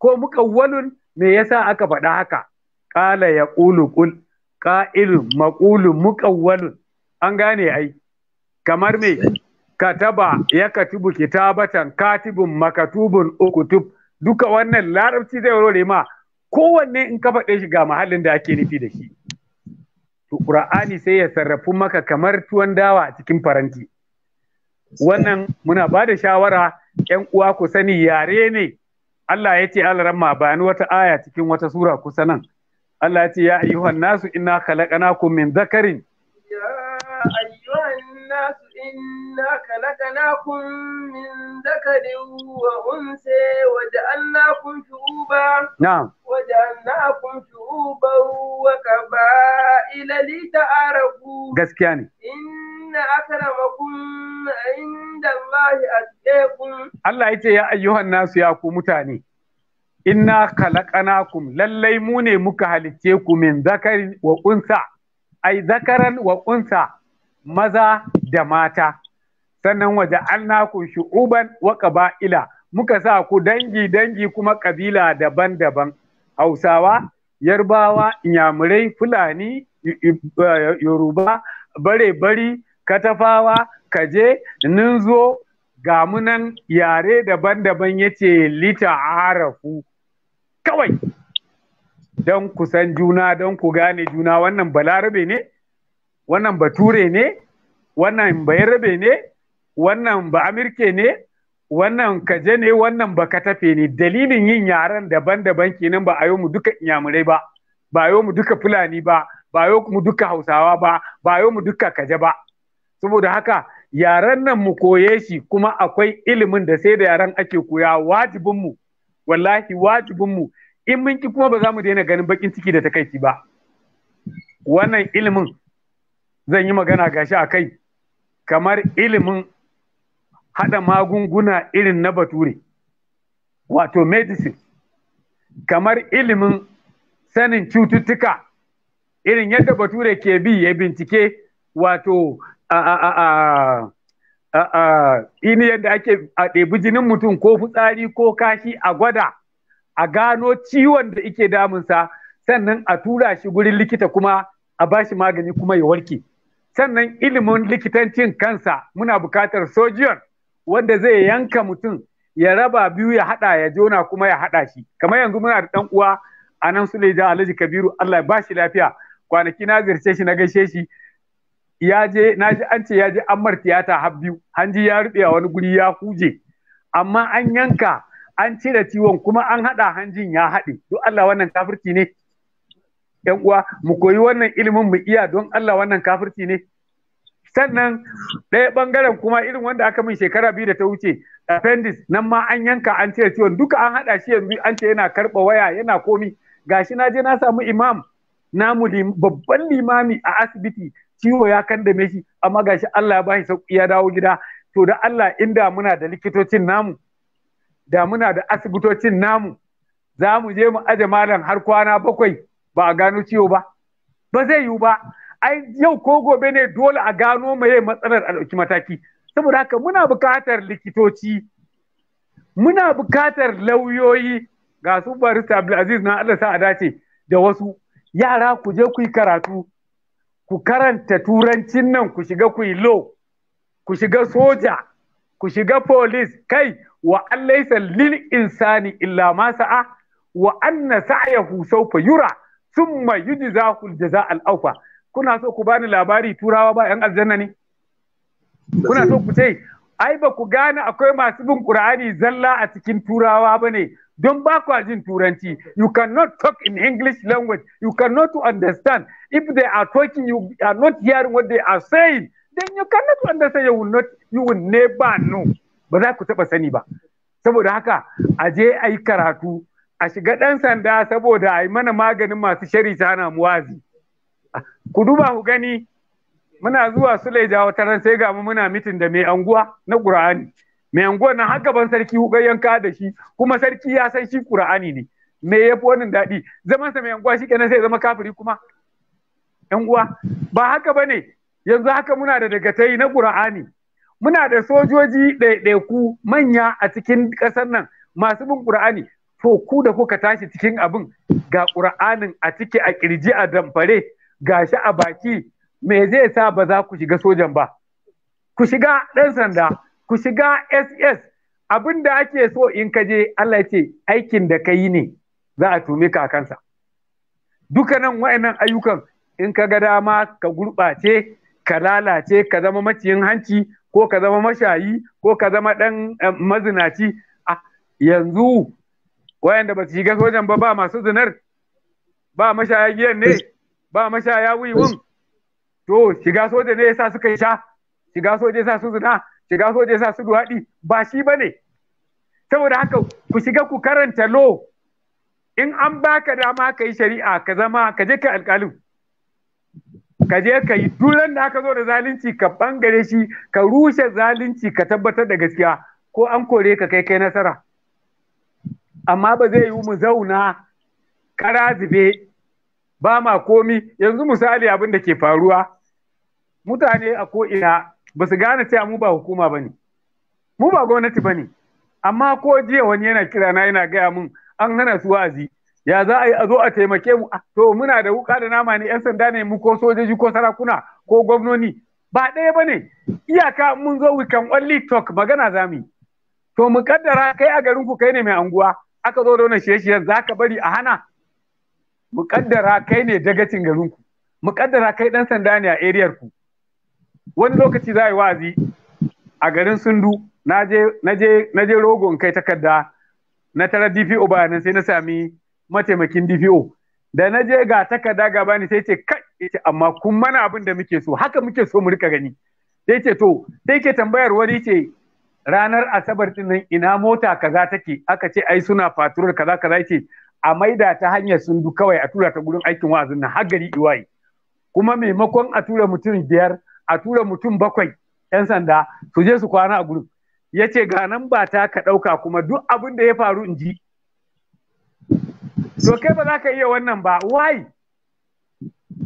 ko walun me yasa aka faɗa haka qala yaqulu qul qa'il maqulu mukawwalun an gane ai kamar me kataba ya katubu kitabatan katibun makatubun ukutub duka wannan larabci zai rore ma kowanne in ka faɗe shi ga mahallin da ake nufi da shi to qur'ani sai ya sarrafu maka kamar tuwon dawa a cikin faranti wannan muna ba da shawara yan uwa ku sani yare ne Allah ya ce alramma ba ni wata aya cikin wata sura kusa nan Allah ya ce ya ayyuhan nasu inna khalaqnakum min dhakarin ya ayyuhan nasu inna khalaqnakum min dhakarin wa unsa wa ja'alnakum shu'uban na'am wa ja'alnakum shu'uban wa qaba'ila lita'arafu gaskiya ne inna inna akramakum inda atqakum Allah yace ya ayyuhan nasu ya ku mutane inna khalaqnakum lallai mu ne muka halicce ku min zakarin wa unsa ai zakaran wa unsa maza da mata sannan waje ja'alnakum shu'uban wa qaba'ila muka sa ku dangi dangi kuma kabila daban-daban Hausawa Yarbawa Inyamurai Fulani Yoruba bare bari katafawa kaje ninzo ga munan yare daban-daban yace lita arafu kawai don ku san juna don ku gane juna wannan balarabe ne wannan bature ne wannan bayarabe ne wannan ba amirke ne wannan kaje ne wannan ba katafe ne dalilin yin yaren daban-daban kenan ba a mu duka inyamurai ba ba mu duka fulani ba ba mu duka hausawa ba ba mu duka kaje ba saboda haka yaren nan mu koye shi kuma akwai ilimin da sai da yaren ake koya wajibin mu wallahi wajibin mu in mun ki kuma ba za mu daina ganin bakin ciki da takaici ba wannan ilimin zan yi magana gashi a kai kamar ilimin haɗa magunguna irin na bature wato medicine kamar ilimin sanin cututtuka irin yadda bature ke bi ya bincike wato a a ini yadda ake a ɗebi jinin mutum ko fitsari ko kashi a gwada a gano ciwon da ike damunsa sannan a tura shi gurin likita kuma a bashi magani kuma ya warke sannan ilimin likitancin kansa muna buƙatar sojiyon wanda zai yanka mutum ya raba biyu ya haɗa ya jona kuma ya haɗa shi kamar yanzu muna da ɗan uwa a nan suleja alhaji kabiru allah ya bashi lafiya kwanaki na zirce shi na gaishe shi ya je na ji an ce ya je an mar tiyata har biyu hanji ya rube a wani guri ya kuje. amma an yanka an cire ciwon kuma an haɗa hanjin ya haɗe to Allah wannan kafirci ne ‘yan uwa mu koyi wannan ilimin mu iya don Allah wannan kafirci ne sannan ɗaya bangaren kuma irin wanda aka min shekara biyu da ta wuce appendix nan ma an yanka an cire ciwon duka an haɗa shi yanzu an ce yana karɓa waya yana komi gashi na je na samu imam namu babban limami a asibiti ciwo ya kandame shi amma gashi Allah ya bashi sauki ya dawo gida to da Allah inda muna da likitocin namu da muna da asibitocin namu za mu je mu aje malam har kwana bakwai ba a gano ciwo ba ba zai yiwu ba ai yau ko gobe ne dole a gano mai matsalar a ɗauki mataki saboda haka muna buƙatar likitoci muna buƙatar lauyoyi ga su barista abdulaziz na allah sa a dace da wasu yara ku je ku yi karatu ku karanta turancin nan ku shiga ku yi law ku shiga soja ku shiga police kai wa an lil insani illa ma sa'a wa anna sa'yahu sawfa yura thumma yujzahu al-jaza al-awfa kuna so ku bani labari turawa ba yan aljanna ne kuna so ku ce ai ba ku gane akwai masu bin qur'ani zalla a cikin turawa bane don ba kwa jin turanci you cannot talk in english language you cannot understand if they are talking you are not hearing what they are saying then you cannot understand you will not you will never know ba za ku taba sani ba saboda haka a je a yi karatu a shiga ɗan sanda saboda a yi mana maganin masu shari ta muwazi, mu ku duba ku gani muna zuwa Suleja wata ran sai ga mu muna mitin da mai anguwa na Qur'ani mai anguwar nan har gaban sarki hugayyan ka da shi kuma sarki ya san shi qur'ani ne me ya fi wannan daɗi zaman sa mai anguwa shi kenan sai zama kafiri kuma yan uwa ba haka bane yanzu haka muna da dagatai na qur'ani muna da sojoji ɗaiɗaiku manya a cikin ƙasar nan masu bin qur'ani to ku da kuka tashi cikin abin ga qur'anin a ciki a kirji a damfare gashi a baki me zai sa ba za ku shiga sojan ba ku shiga ɗan sanda ku shiga SS abin da ake so in ka je Allah ce aikin da ka yi ne za a tumi ka kansa dukanan wa'annan ayyukan in ka ga dama ka gurɓace ka lalace ka zama maciyin hanci ko ka zama mashayi ko ka zama ɗan eh, mazinaci a yanzu wayanda ba su shiga sojan ba ba masu zinar ba mashaya ne ba mashaya wiwun to shiga soja ne yasa suka sha shiga soja yasa su zina shiga soja sa su duwaɗi ba shi ba ne saboda haka ku shiga ku karanta lo in an baka dama ka yi shari'a ka zama ka je ka alƙalin ka je ka yi duran da aka zo da zalunci ka bangare shi ka rushe zalunci ka tabbatar da gaskiya ko an kore ka kai kai nasara amma ba zai yi mu zauna kara zube ba ma komi yanzu misali abin da ke faruwa mutane a ko'ina ba su gane cewa mu ba hukuma ba ne mu ba gwamnati ba ne amma ko jiya wani yana kira na yana gaya mun an hana su wa'azi ya za a yi a zo a taimake mu to muna da wuka da nama ne yan sanda ne mu ko sojoji ko sarakuna ko gwamnoni ba ɗaya ba ne iyaka mun zo we can only talk magana za mu to mu kaddara kai a garin ku kai ne mai anguwa aka zo da wannan shiye-shiyen za ka bari a hana mu kaddara kai ne dagacin garin ku mu kaddara kai dan sanda ne a eriyar ku wani lokaci za a yi wazi a garin sundu na je rogon kai takarda na tara DPO bayanan sai na sami mataimakin DPO da na je ga takarda ga bani sai ce kai ita amma kun mana abin da muke so haka muke so mu rika gani sai ce to sai ke tambayar wani ce ranar asabar din nan ina mota kaza take aka ce ai suna faturar kaza kaza ce a maida ta hanyar sundu kawai a tura ta gurin aikin wa'azin na har gari iwaye kuma maimakon a tura mutum biyar a tura mutum bakwai 'yan sanda su je su kwana a gurin ya ce ga nan ba ta ka ɗauka kuma duk abin da ya faru in ji to kai ba za ka iya wannan ba why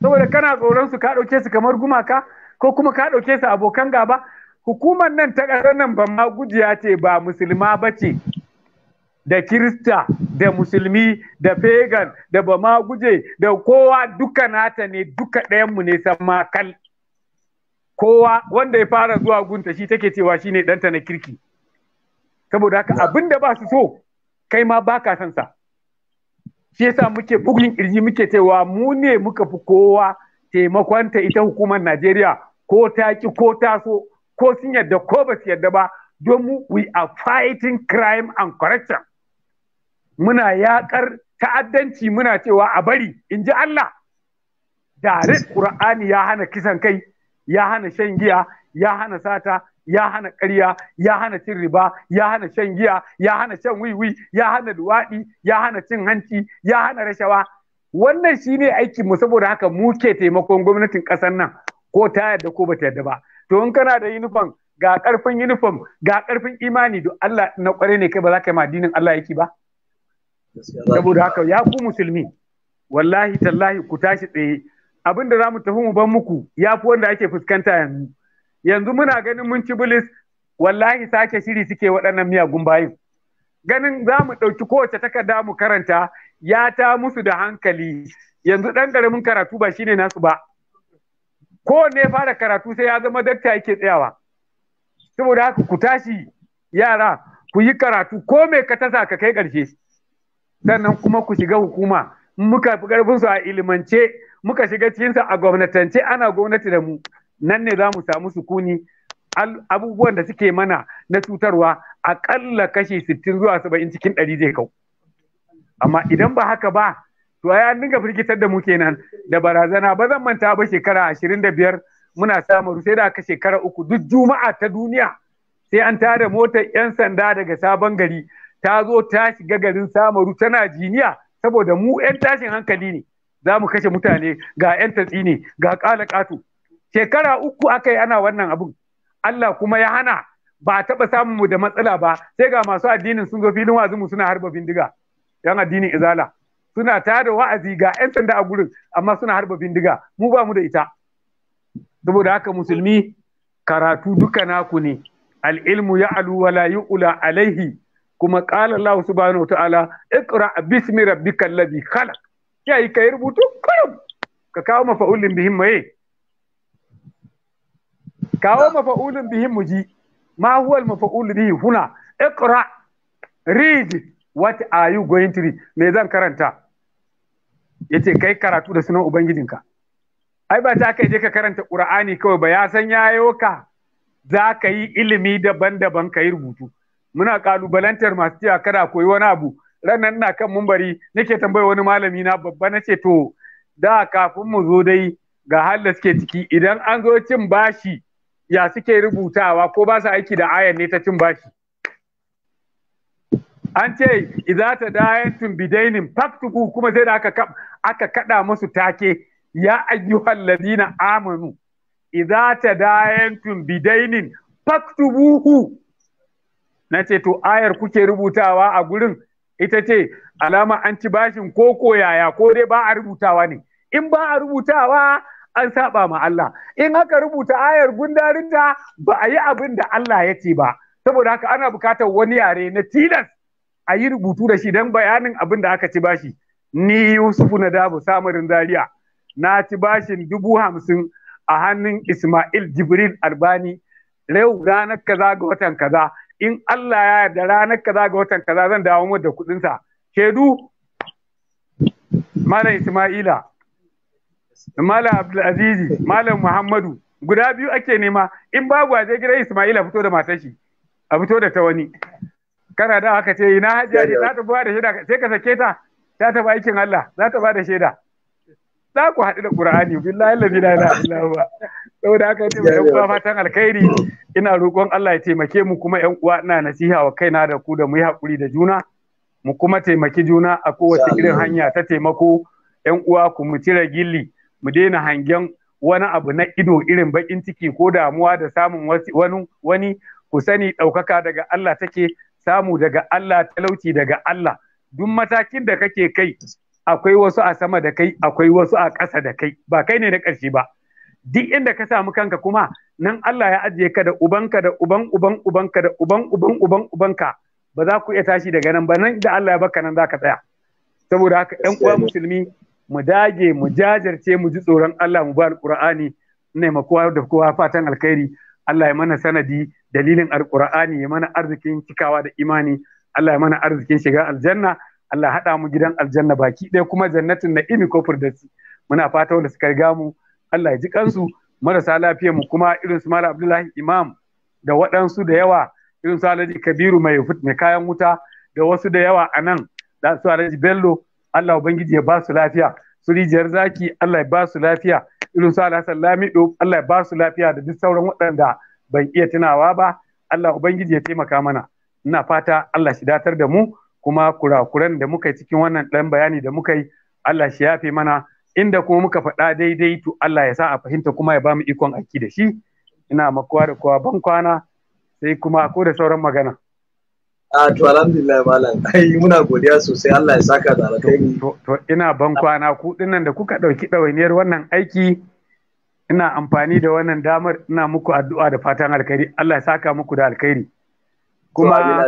saboda kana tsoron su ka ɗauke su kamar gumaka ko kuma ka ɗauke su abokan gaba hukumar nan ta ƙasar nan ba ma gujiya ce ba musulma ba ce da kirista da musulmi da pagan da ba ma guje da kowa duka nata ne duka ɗayanmu ne san makal kowa wanda ya fara zuwa gunta shi take cewa shine ɗanta na kirki saboda haka abin da ba su so kai ma ba ka son sa shi yasa muke bugun kirji muke cewa mu ne muka fi kowa taimakon ta ita hukumar Najeriya ko ta ki ko ta so ko sun yadda ko ba su yadda ba mu? we are fighting crime and corruption muna yakar ta'addanci muna cewa a bari in ji Allah da Qur'ani ya hana kisan kai ya hana shan giya ya hana sata ya hana karya, ya hana cin riba ya hana shan giya ya hana shan wiwi ya hana luwaɗi ya hana cin hanci ya hana rashawa wannan shi ne aikinmu saboda haka mu ke taimakon gwamnatin ƙasar nan ko ta yarda ko bata yarda ba to in kana da uniform ga ƙarfin uniform ga ƙarfin imani do Allah na ƙware ne kai ba za ka yi addinin Allah yake ba saboda haka ya ku musulmi wallahi tallahi ku tashi tsaye abin da za mu tafi mu ban muku ya fi wanda ake fuskanta yanzu yanzu muna ganin mun ci bilis wallahi sake shiri suke waɗannan miyagun bayin ganin za mu ɗauki kowace takarda mu karanta ya ta musu da hankali yanzu ɗan ƙaramin karatu ba shine nasu ba kowanne ya fara karatu sai ya zama dakta yake tsayawa saboda haka ku tashi yara ku yi karatu ko me ka tasa ka kai ƙarshe sannan kuma ku shiga hukuma muka fi su a ilimance muka shiga cikinsa a gwamnatance ana gwamnati da mu nan ne za mu samu sukuni abubuwan da suke mana na cutarwa aƙalla kashi sittin zuwa saba'in cikin ɗari zai kau amma idan ba haka ba to ya dinga firgitar da mu kenan da barazana ba zan manta ba shekara ashirin da biyar muna samun sai da aka shekara uku duk juma'a ta duniya sai an tada motar yan sanda daga sabon gari ta zo ta shiga garin samaru tana jiniya saboda mu yan tashin hankali ne za mu kashe mutane ga 'yan tatsini ga ƙala ƙato shekara uku aka yi ana wannan abun Allah kuma ya hana ba a taɓa samun mu da matsala ba sai ga masu addinin sun zo filin wa'azi suna harba bindiga yan addinin izala suna tada wa'azi ga 'yan sanda a gurin amma suna harba bindiga mu ba mu da ita saboda haka musulmi karatu duka naku ne al'ilmu ya alu wala alaihi kuma qala Allah subhanahu wa ta'ala iqra bismi rabbikal ladhi khalaq ya yi ka yi rubutu kurum ka kawo mafa'ulin bihin mu yi. Eh. kawo mafa'ulin bihin mu ji ma huwal mafa'ulin bihin huna ikra read what are you going to read me zan karanta yace kai karatu da sunan ubangijinka ai ba ta kai je ka karanta qur'ani kawai ba ya san yayo ka za ka yi ilimi daban-daban ka yi rubutu muna kalubalantar masu cewa kada koyi wani abu ranar ina kan mumbari nake tambayi wani malami na babba nace to da kafin mu zo dai ga halin suke ciki idan an zo cin bashi ya suke rubutawa ko ba su aiki da ayan ne ta cin bashi an ce idza ta tun bidainin faktuku kuma sai da aka aka kada musu take ya ayyuhal ladina amanu idza ta tun bidainin faktubuhu na ce to ayar kuke rubutawa a gurin ita ce alama an ci bashin ko koyaya ko dai ba a rubutawa ne in ba a rubutawa an saba ma Allah in aka rubuta ayar gundarinta ba a yi abin da Allah ya ce ba saboda haka ana bukatar wani yare na tilas a yi rubutu da shi don bayanin abin da aka ci bashi ni Yusuf na dabu samarin zaria na ci bashin dubu hamsin a hannun Ismail Jibril Albani yau ranar kaza ga watan kaza in Allah ya yarda ranar kaza ga watan kaza zan dawo mu da kuɗin sa shedu malam Isma'ila malam Abdulaziz malam Muhammadu guda biyu ake nema in babu a je gidan Isma'ila fito da matar shi a fito da ta wani kana da haka ce ina hajjaji za ta ba da shaida sai ka sake ta za ta ba aikin Allah za ta ba da shaida za ku haɗu da Qur'ani billahi la ilaha illallah saboda haka ne mai kuma fatan alkhairi ina roƙon Allah ya taimake mu kuma yan uwa ina nasiha wa kaina da ku da mu yi haƙuri da juna mu kuma taimaki juna a kowace irin hanya ta taimako yan uwa ku mu cire gilli mu daina hangen wani abu na ido irin bakin ciki ko damuwa da samun wani wani ku sani ɗaukaka daga Allah take samu daga Allah talauci daga Allah duk matakin da kake kai akwai wasu a sama da kai akwai wasu a ƙasa da kai ba kai ne na ƙarshe ba duk inda ka samu kanka kuma nan Allah ya ajiye ka da ubanka da uban uban ubanka da uban uban uban ubanka ba za ku iya tashi daga nan ba nan da Allah ya baka nan za ka tsaya saboda haka ɗan uwa musulmi mu dage mu jajirce mu ji tsoron Allah mu ba alqur'ani ne ma kowa da kowa fatan alkhairi Allah ya mana sanadi dalilin alqur'ani ya mana arzikin cikawa da imani Allah ya mana arzikin shiga aljanna Allah haɗa mu gidan aljanna baki ɗaya kuma jannatin na imi ko firdausi muna fata wanda suka riga mu Allah ya ji kansu marasa lafiyar mu kuma irin su Malam Abdullahi Imam da waɗansu da yawa irin su Alhaji Kabiru mai mai kayan wuta da wasu da yawa a nan da su Alhaji Bello Allah ubangiji ya ba su lafiya su rijiyar zaki Allah ya ba su lafiya irin su Alhassan Lamido Allah ya ba su lafiya da duk sauran waɗanda ban iya tunawa ba Allah ubangiji ya taimaka mana ina fata Allah shi datar da mu kuma kurakuran da muka yi cikin wannan ɗan bayani da muka yi Allah shi yafe mana inda kuma muka faɗa daidai to Allah ya sa a fahimta kuma ya ba mu ikon aiki da shi ina makuwa da kowa ban kwana sai kuma ko da sauran magana a to alhamdulillah malam ai muna godiya sosai Allah ya saka da alkhairi to ina ban kwana ku dinnan da kuka dauki ɗawainiyar wannan aiki ina amfani da wannan damar ina muku addu'a da fatan alkhairi Allah ya saka muku da alkhairi kuma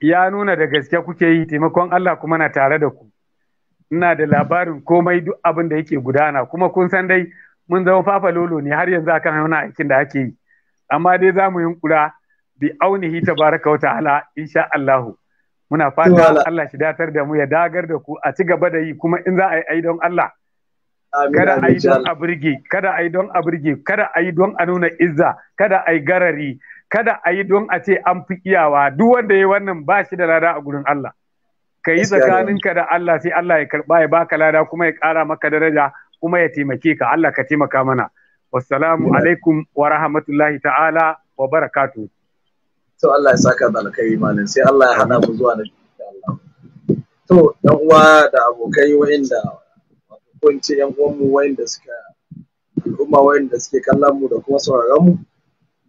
ya nuna da gaske kuke yi taimakon Allah kuma na tare da ku ina da labarin komai duk abin da yake gudana kuma kun san dai mun zama fafa lolo ne har yanzu akan wani aikin da ake yi amma dai za mu yunkura bi aunihi tabaraka wa ta'ala insha Allahu muna fata Allah shi datar da mu ya dagar da ku a ci gaba da yi kuma in za a yi ai don Allah kada a don a burge kada a don a burge kada a don a nuna izza kada a yi garari kada a yi don a ce an fi iyawa duk wanda ya wannan ba shi da lada a gurin Allah ka yi tsakaninka da Allah sai Allah ya karba ya baka lada kuma ya ƙara maka daraja kuma ya taimake ka Allah ka taimaka mana wassalamu alaikum wa rahmatullahi ta'ala wa barakatu to Allah ya saka da alkai malam sai Allah ya hana mu zuwa na Allah to ɗan uwa da abokai wa'inda ko in ce yan uwan mu wa'inda suka al'umma wa'inda suke kallon mu da kuma sauraron mu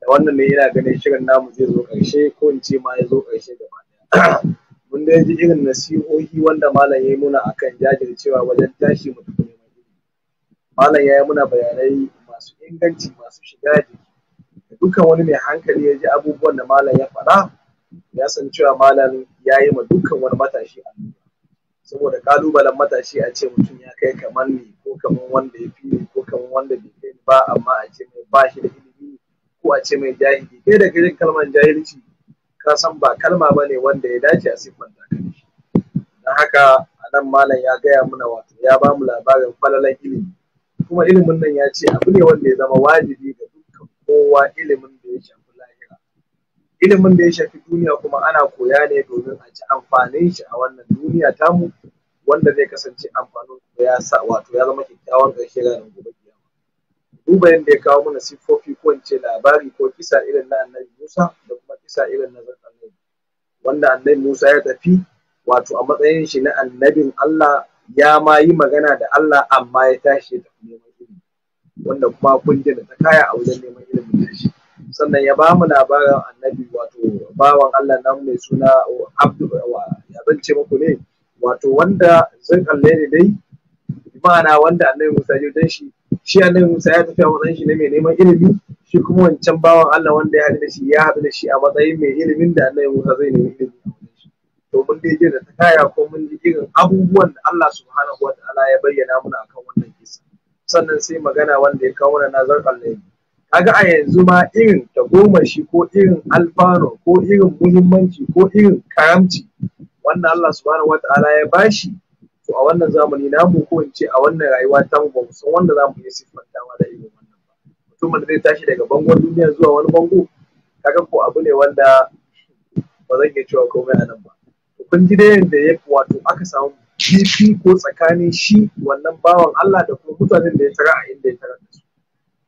da wannan ne yana ganin shirin namu zai zo ƙarshe ko in ce ma ya zo ƙarshe gaba mun dai ji irin nasihohi wanda malam ya yi muna akan jajircewa wajen tashi mu tafi neman ilimi malam ya yi muna bayanai masu inganci masu shiga jiki da dukkan wani mai hankali ya ji abubuwan da malam ya faɗa ya san cewa malam ya yi ma dukkan wani matashi allura saboda kalubalen matashi a ce mutum ya kai kamar ni ko kamar wanda ya fi ni ko kamar wanda bai kai ba amma a ce mai ba shi da ilimi ko ce mai jahili kai da jin kalmar jahilci ka san ba kalma ba ne wanda ya dace a siffanta ka don haka a nan malam ya gaya mana wato ya ba mu labarin falalan ilimi kuma ilimin nan ya ce abu ne wanda ya zama wajibi ga dukkan kowa ilimin da ya shafi lahira ilimin da ya shafi duniya kuma ana koya ne domin a ci amfanin shi a wannan duniya tamu wanda zai kasance amfanin ya sa wato ya zama kyakkyawan ƙarshe ranar gobe duba yadda ya kawo mana siffofi ko in ce labari ko kisa irin na annabi Musa da kuma kisa irin na annabi wanda annabi Musa ya tafi wato a matsayin shi na annabin Allah ya ma yi magana da Allah amma ya tashi ya tafi neman ilimi wanda kuma kungiyar da ta kaya a wajen neman da shi. sannan ya ba mu labarin annabi wato bawan Allah nan mai suna Abdu ya zance muku ne wato wanda zan kalle ne dai ma'ana wanda annabi Musa ya dan shi shi nan Musa ya tafi a matsayin shi na mai neman ilimi shi kuma wancan bawan Allah wanda ya hadu da shi ya haɗu da shi a matsayin mai ilimin da ya Musa zai nemi ilimi to mun dai je da ta kaya ko mun ji irin abubuwan da Allah subhanahu wa ta'ala ya bayyana mana akan wannan kisa sannan sai magana wanda ya kawo mana nazar Allah kaga a yanzu ma irin tagomashi ko irin alfano ko irin muhimmanci ko irin karamci wanda Allah subhanahu wa ta'ala ya bashi to a wannan zamani namu ko in ce a wannan rayuwa ta mu ba mu san wanda za mu iya siffantawa da irin wannan ba mutumin da zai tashi daga bangon duniya zuwa wani bango kaga ko abu ne wanda ba zan iya cewa komai a nan ba kun ji dai yadda ya wato aka samu kifi ko tsakanin shi wannan bawan Allah da kuma mutanen da ya tara a inda ya tara su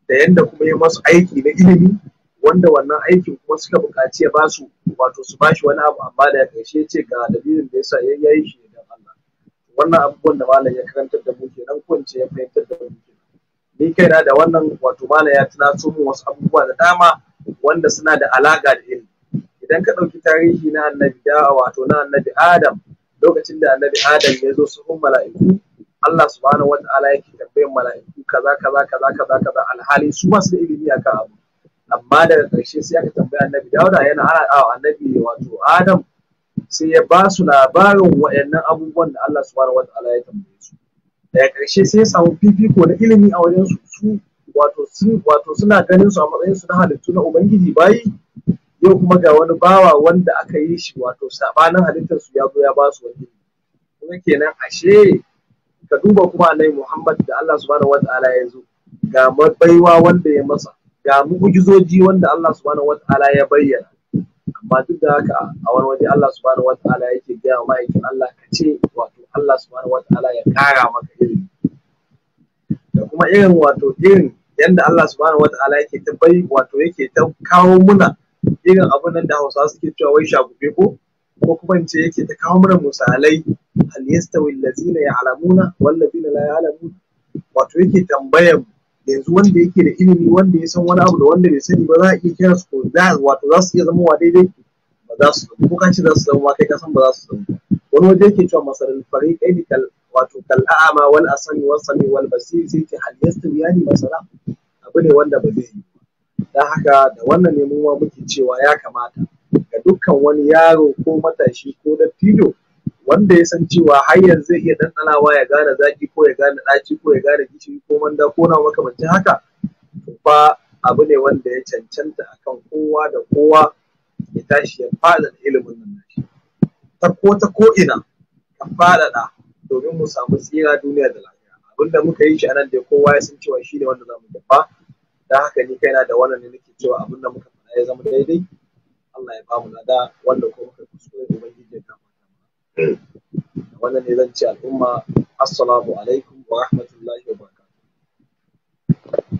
da yadda kuma ya masu aiki na ilimi wanda wannan aikin kuma suka buƙaci ya basu wato su bashi wani abu amma da ƙarshe ce ga dalilin da yasa ya yi shi wannan abubuwan da malam ya karantar da mu kenan ko ce ya fahimtar da mu ni kaina da wannan wato malam ya tunato mu wasu abubuwa da dama wanda suna da alaka da ilimi idan ka ɗauki tarihi na annabi da wato na annabi adam lokacin da annabi adam ya zo hun mala'iku Allah subhanahu wata'ala yake tambayin mala'iku kaza kaza kaza kaza kaza alhali su masu ilimi akan abu amma daga ƙarshe sai aka tambaya annabi dauda yana ana annabi wato adam sai ya ba su labarin waɗannan abubuwan da Allah subhanahu ta'ala ya tambaye su daga ƙarshe sai ya samu fifiko na ilimi a wajen su su wato su wato suna ganin su a matsayin su na halittu na ubangiji bayi yau kuma ga wani bawa wanda aka yi shi wato sabanin halittar su ya zo ya ba su wani kuma kenan ashe ka duba kuma annabi Muhammad da Allah subhanahu ta'ala ya zo ga baiwa wanda ya masa ga gizoji wanda Allah subhanahu ta'ala ya bayyana amma duk da haka a wani waje Allah subhanahu wataala yake gaya wa ma'aikin Allah ka ce wato Allah subhanahu wataala ya kara maka irin. da kuma irin wato irin yanda Allah subhanahu wataala yake ta bai wato yake ta kawo muna irin abun nan da hausa suke cewa wai shagube ko ko kuma in ce yake ta kawo mana misalai hal yastawi allazina ya'lamuna wal ladina la ya'lamun wato yake tambayar mu yanzu wanda yake da ilimi wanda ya san wani abu da wanda bai sani ba za a iya kira su ko za wato za su iya zama wa daidai ba za su ko kan ce za su zama kai ka san ba za su zama wani waje yake cewa masarar kai ne kal wato kal a'ama wal asami wal sami wal basiri sai ce hal yani masara abu ne wanda ba zai yi dan haka da wannan ne mu muke cewa ya kamata ga dukkan wani yaro ko matashi ko dattijo wanda ya san cewa har yanzu zai iya ɗanɗanawa ya gane zaki ko ya gane ɗaci ko ya gane gishiri ko manda ko na makamancin haka ba abu ne wanda ya cancanta akan kowa da kowa ya tashi ya faɗaɗa ilimin nan shi ta ko ta ko ina ka faɗaɗa domin mu samu tsira duniya da lafiya abinda muka yi shi a nan da kowa ya san cewa shi ne wanda zamu mu dafa da haka ni kaina da wannan ne nake cewa abinda muka faɗa ya zama daidai Allah ya bamu lada wanda kuma muka kuskure ubangiji ya kama wannan ne zan ce al'umma assalamu alaikum wa rahmatullahi wa barkatu